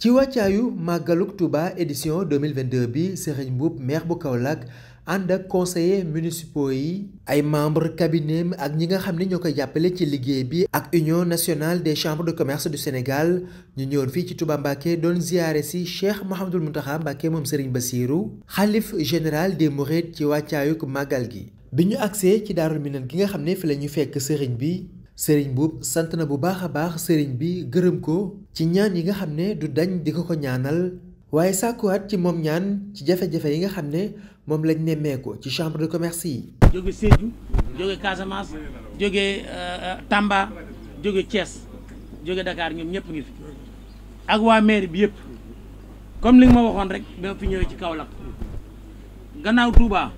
ci wàccaayu màggaluk Touba édition 2022 bi Serigne Mboup meex bu kaw Kaolack ànd ak conseillers municipaux yi ay membres cabinet ak ñi nga xam ne ñoo koy jàppale ci liggéey bi ak Union nationale des chambres de commerce du Sénégal ñu ñëwoon fii ci Touba Mbacké doon ziyaare si Cheikh Mouhamadoul Mountakha Mbacké moom ba Bassirou xalif général des Mourides ci wàccaayuk màggal gi bi ñu agsee ci Daarul Minane gi nga xam ne fi la ñu fekk Serigne bi sëriñ buub sant na bu baax a baax sëriñ bi gërëm ko ci ñaan yi nga xam ne du dañ di ko ko ñaanal waaye sàkkuwaat ci moom ñaan ci jafe-jafe yi nga xam ne moom lañ nemmeeku ci chambre de commerce yi. jóge Sédhiou jóge Casamance jóge euh, euh, Tamba jóge cees jóge Dakar ñoom ñëpp ngi fi ak waa mairie bi yëpp comme li nga ma waxoon rek bi ma fi ñëwee ci Kaolack gannaaw Touba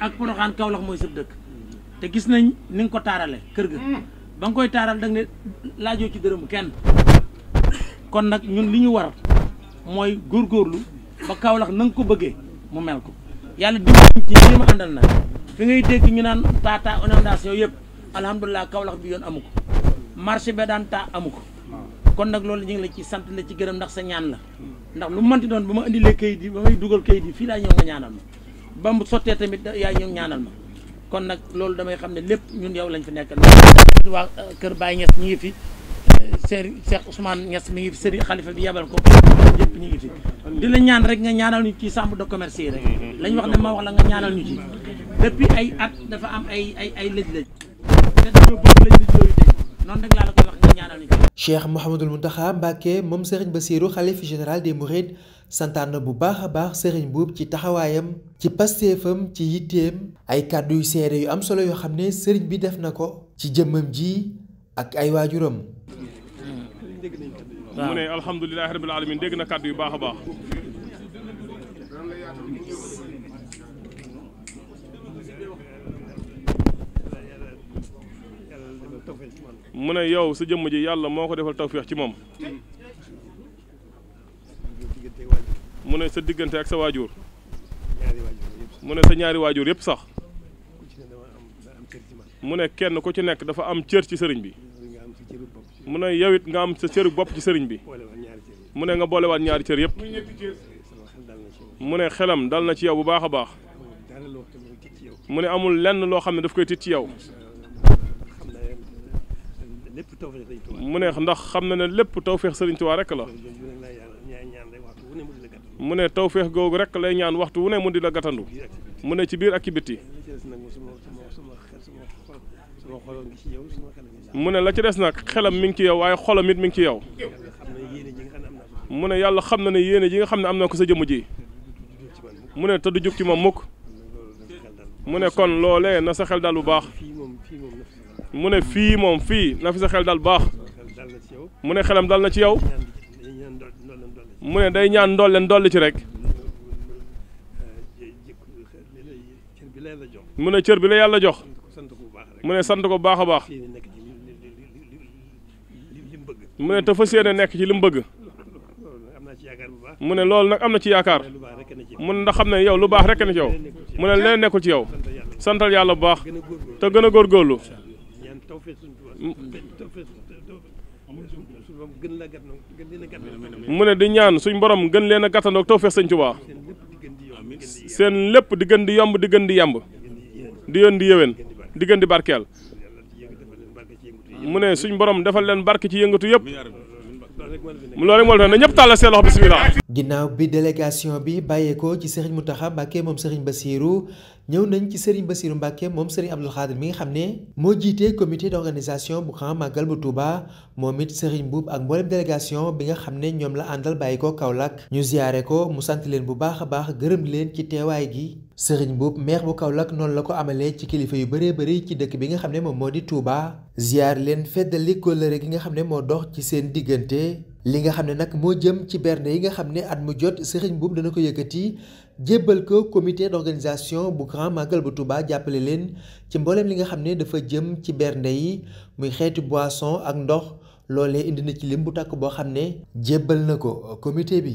ak Porokhane Kaolack mooy sëb dëkk. te gis nañ ni nga ko taarale kër ga mm. ba nga koy taaral danga nga ne laajoo ci dërëm kenn kon nag ñun li ñu war mooy góor góorgóorlu ba Kaolack na nga ko bëggee mu mel ko yàlla dimbali ci ñi ma àndal na fi ngay dégg ñu naan tata inondation yëpp alhamdulilah Kaolack bi yoon amu ko marché ba daan taa amu ko kon nag loolu ñu ngi la ci sant la ci gërëm ndax sa ñaan la ndax lu manti doon ba ma indilee kayit yi ba may dugal kayit yi fii laa ñëw nga ñaanal ma ba mu sottee tamit yaay ñëw ñaanal kon nag loolu damay xam ne lépp ñun yow lañ fi nekkal waa euh, kër baay Niass ñi ngi fi euh, Serigne Cheikh Ousmane Niass mi ngi fi Serigne xalifa bi yebal ko yëpp ñu ngi fi di la ñaan rek nga ñaanal ñu ci chambre de commerce yi rek wax ne ma wax la nga ñaanal ñu ci depuis ay at dafa am ay ay ay lëj-lëj te dañoo bëgg lëj-lëj yooyu de noonu rek laa la koy wax nga ñaanal ñu ci Cheikh Mouhamadoul Mountakha Mbacké moom Serigne Bassirou xalifa général de Mourides santaan bu baax a baax sëriñ Mboup ci taxawaayam ci pasteefam ci yitteem ay kàddu yu seere yu am solo yoo xam ne sëriñ bi def na ko ci jëmmam ji ak ay waajuram. mu ne alhamdulilah rabil dégg na kàddu yu baax a baax. mu ne yow su jëmm ji yàlla moo ko defal tawféex ci moom. mu ne sa diggante ak sa waajur mu ne sa ñaari waajur yëpp sax mu ne kenn ku ci nekk dafa am cër ci sëriñ bi mu ne yow it nga am sa cëru bopp ci sëriñ bi mu ne nga boolewaat ñaari cër yëpp eh, mu ne xelam dal na ci yow bu baax a baax mu ne amul lenn loo xam ne dafa koy tit ci yow eh, eh, mu ne ndax xam na ne lépp tawfeex sëriñ Tuubaa rekk la mu ne tawféex googu rek lay ñaan waxtu wu ne mu di la gàttandu mu ne ci biir ak ci bitti mu ne la ci des nag xelam mi ngi ci yow waaye xolam it mi ngi ci yow mu ne yàlla xam na ne yéene ji nga xam ne am na ko sa jëmm ji mu ne te du jóg ci moom mukk mu ne kon loolee na sa xel daal bu baax mu ne fii moom fii na fi sa xel daal bu baax mu ne xelam dal na ci yow mu ne day ñaan ndolle ndolle ci rek mu ne cër bi la yàlla jox mu ne sant ko baax a baax mu ne te fas yéene nekk ci li mu bëgg mu ne loolu nag am na ci yaakaar mu ne ndax xam ne yow lu baax rek ne ci yow mu ne leen nekkul ci yow santal yàlla bu baax te gën a góorgóorlu mu ne di ñaan suñ borom gën leen a gàttandoog tawfeex sëñ Tuubaa seen lépp di gën di yomb di gën di yàmb di yoon di yëwén di gën di barkeel mu ne suñ borom defal leen barke ci yëngatu yëpp loolu rek moo la na ne ñëpp tàllal seen loxo bisimilah. ginnaaw bi délégation bi bàyyeekoo ci Serigne Mountakha Mbacké moom Serigne Bassirou ñëw nañ ci Serigne Bassirou Mbacké moom Serigne Abdoul Khadir mi nga xam ne moo jiite comité d'organisation bu Grand Magal bu Touba moom it Serigne Mboup ak mboolem délégation bi nga xam ne ñoom la àndal bàyyi ko Kaolack ñu ziyaare ko mu sant leen bu baax a baax gërëm leen ci teewaay gi. Serigne Mboup maire bu kaw Kaolack noonu la ko amalee ci kilifa yu bëree bëri ci dëkk bi nga xam ne moom moo di Touba ziar leen feddali kóllëre gi nga xam ne moo dox ci seen diggante li nga xam ne nag moo jëm ci bernde yi nga xam ne at mu jot Serigne Mboup dana ko yëkkati jébbal ko comité d'organisation bu grand magal bu Touba jàppale leen ci mbooleem li nga xam ne dafa jëm ci berne yi muy xeeti boisson ak ndox loolee indi na ci lim bu tàkk boo xam ne jébbal na ko comité bi.